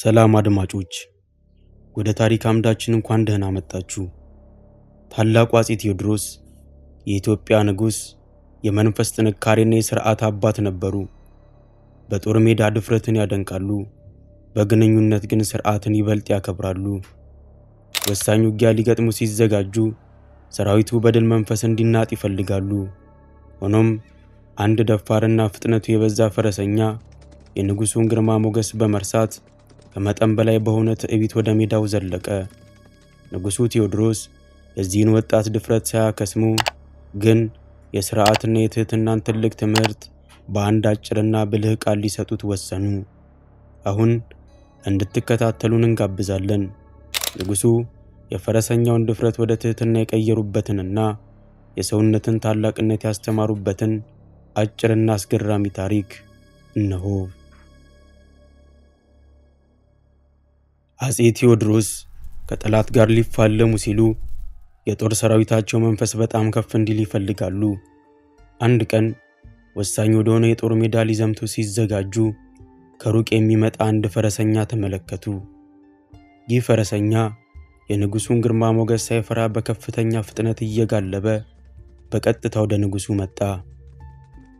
ሰላም አድማጮች፣ ወደ ታሪክ አምዳችን እንኳን ደህና መጣችሁ። ታላቁ አፄ ቴዎድሮስ የኢትዮጵያ ንጉሥ፣ የመንፈስ ጥንካሬና የሥርዓት አባት ነበሩ። በጦር ሜዳ ድፍረትን ያደንቃሉ፣ በግንኙነት ግን ሥርዓትን ይበልጥ ያከብራሉ። ወሳኝ ውጊያ ሊገጥሙ ሲዘጋጁ ሰራዊቱ በድል መንፈስ እንዲናጥ ይፈልጋሉ። ሆኖም አንድ ደፋርና ፍጥነቱ የበዛ ፈረሰኛ የንጉሡን ግርማ ሞገስ በመርሳት ከመጠን በላይ በሆነ ትዕቢት ወደ ሜዳው ዘለቀ። ንጉሡ ቴዎድሮስ የዚህን ወጣት ድፍረት ሳያከስሙ ግን የሥርዓትና የትሕትናን ትልቅ ትምህርት በአንድ አጭርና ብልህ ቃል ሊሰጡት ወሰኑ። አሁን እንድትከታተሉን እንጋብዛለን። ንጉሡ የፈረሰኛውን ድፍረት ወደ ትሕትና የቀየሩበትንና የሰውነትን ታላቅነት ያስተማሩበትን አጭርና አስገራሚ ታሪክ እነሆ። አጼ ቴዎድሮስ ከጠላት ጋር ሊፋለሙ ሲሉ የጦር ሰራዊታቸው መንፈስ በጣም ከፍ እንዲል ይፈልጋሉ። አንድ ቀን ወሳኝ ወደሆነ የጦር ሜዳ ሊዘምቱ ሲዘጋጁ ከሩቅ የሚመጣ አንድ ፈረሰኛ ተመለከቱ። ይህ ፈረሰኛ የንጉሡን ግርማ ሞገስ ሳይፈራ በከፍተኛ ፍጥነት እየጋለበ በቀጥታ ወደ ንጉሡ መጣ።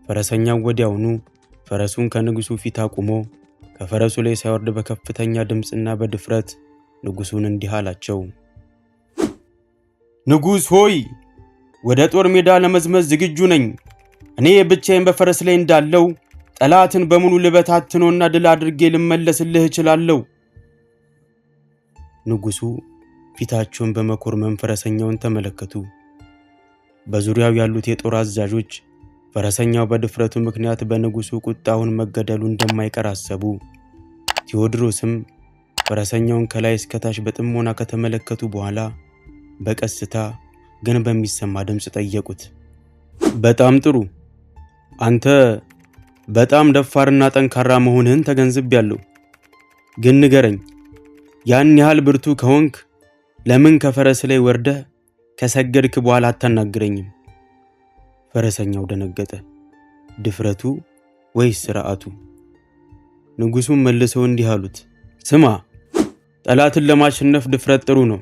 ፈረሰኛው ወዲያውኑ ፈረሱን ከንጉሡ ፊት አቁሞ ከፈረሱ ላይ ሳይወርድ በከፍተኛ ድምፅና በድፍረት ንጉሱን እንዲህ አላቸው። ንጉሥ ሆይ ወደ ጦር ሜዳ ለመዝመዝ ዝግጁ ነኝ። እኔ ብቻዬን በፈረስ ላይ እንዳለው ጠላትን በሙሉ ልበታትኖና ድል አድርጌ ልመለስልህ እችላለሁ። ንጉሱ ፊታቸውን በመኮርመም ፈረሰኛውን ተመለከቱ። በዙሪያው ያሉት የጦር አዛዦች ፈረሰኛው በድፍረቱ ምክንያት በንጉሱ ቁጣውን መገደሉ እንደማይቀር አሰቡ። ቴዎድሮስም ፈረሰኛውን ከላይ እስከታች በጥሞና ከተመለከቱ በኋላ በቀስታ ግን በሚሰማ ድምፅ ጠየቁት። በጣም ጥሩ አንተ በጣም ደፋርና ጠንካራ መሆንህን ተገንዝቤያለሁ። ግን ንገረኝ፣ ያን ያህል ብርቱ ከሆንክ ለምን ከፈረስ ላይ ወርደህ ከሰገድክ በኋላ አታናግረኝም? ፈረሰኛው ደነገጠ። ድፍረቱ ወይስ ስርዓቱ? ንጉሡም መልሰው እንዲህ አሉት፣ ስማ ጠላትን ለማሸነፍ ድፍረት ጥሩ ነው።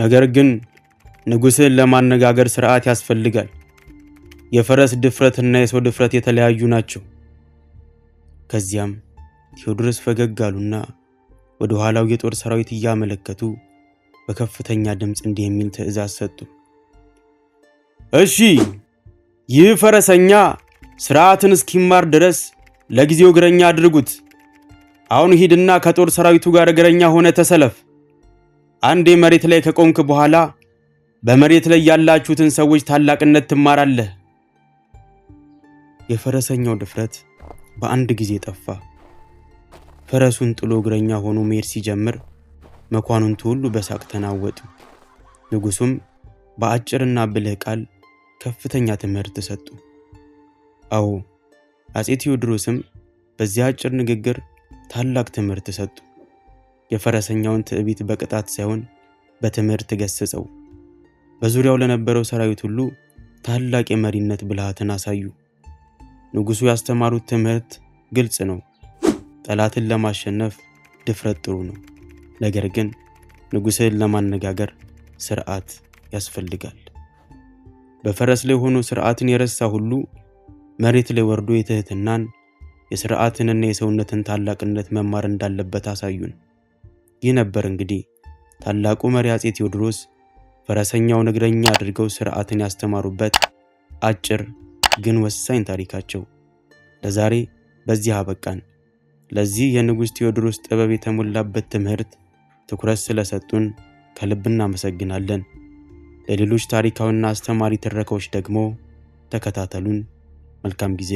ነገር ግን ንጉሥህን ለማነጋገር ስርዓት ያስፈልጋል። የፈረስ ድፍረት እና የሰው ድፍረት የተለያዩ ናቸው። ከዚያም ቴዎድሮስ ፈገግ አሉና ወደ ኋላው የጦር ሰራዊት እያመለከቱ በከፍተኛ ድምፅ እንዲህ የሚል ትእዛዝ ሰጡ። እሺ ይህ ፈረሰኛ ሥርዓትን እስኪማር ድረስ ለጊዜው እግረኛ አድርጉት። አሁን ሂድና ከጦር ሰራዊቱ ጋር እግረኛ ሆነ ተሰለፍ። አንዴ መሬት ላይ ከቆምክ በኋላ በመሬት ላይ ያላችሁትን ሰዎች ታላቅነት ትማራለህ። የፈረሰኛው ድፍረት በአንድ ጊዜ ጠፋ። ፈረሱን ጥሎ እግረኛ ሆኖ መሄድ ሲጀምር መኳንንቱ ሁሉ በሳቅ ተናወጡ። ንጉሡም በአጭርና ብልህ ቃል ከፍተኛ ትምህርት ሰጡ። አዎ አጼ ቴዎድሮስም በዚህ አጭር ንግግር ታላቅ ትምህርት ሰጡ። የፈረሰኛውን ትዕቢት በቅጣት ሳይሆን በትምህርት ገሰጸው። በዙሪያው ለነበረው ሰራዊት ሁሉ ታላቅ የመሪነት ብልሃትን አሳዩ። ንጉሡ ያስተማሩት ትምህርት ግልጽ ነው። ጠላትን ለማሸነፍ ድፍረት ጥሩ ነው፣ ነገር ግን ንጉሥህን ለማነጋገር ስርዓት ያስፈልጋል። በፈረስ ላይ ሆኖ ስርዓትን የረሳ ሁሉ መሬት ላይ ወርዶ የትህትናን የስርዓትንና የሰውነትን ታላቅነት መማር እንዳለበት አሳዩን። ይህ ነበር እንግዲህ ታላቁ መሪ አፄ ቴዎድሮስ ፈረሰኛውን እግረኛ አድርገው ስርዓትን ያስተማሩበት አጭር ግን ወሳኝ ታሪካቸው። ለዛሬ በዚህ አበቃን። ለዚህ የንጉሥ ቴዎድሮስ ጥበብ የተሞላበት ትምህርት ትኩረት ስለሰጡን ከልብ እናመሰግናለን። ለሌሎች ታሪካዊና አስተማሪ ትረካዎች ደግሞ ተከታተሉን። መልካም ጊዜ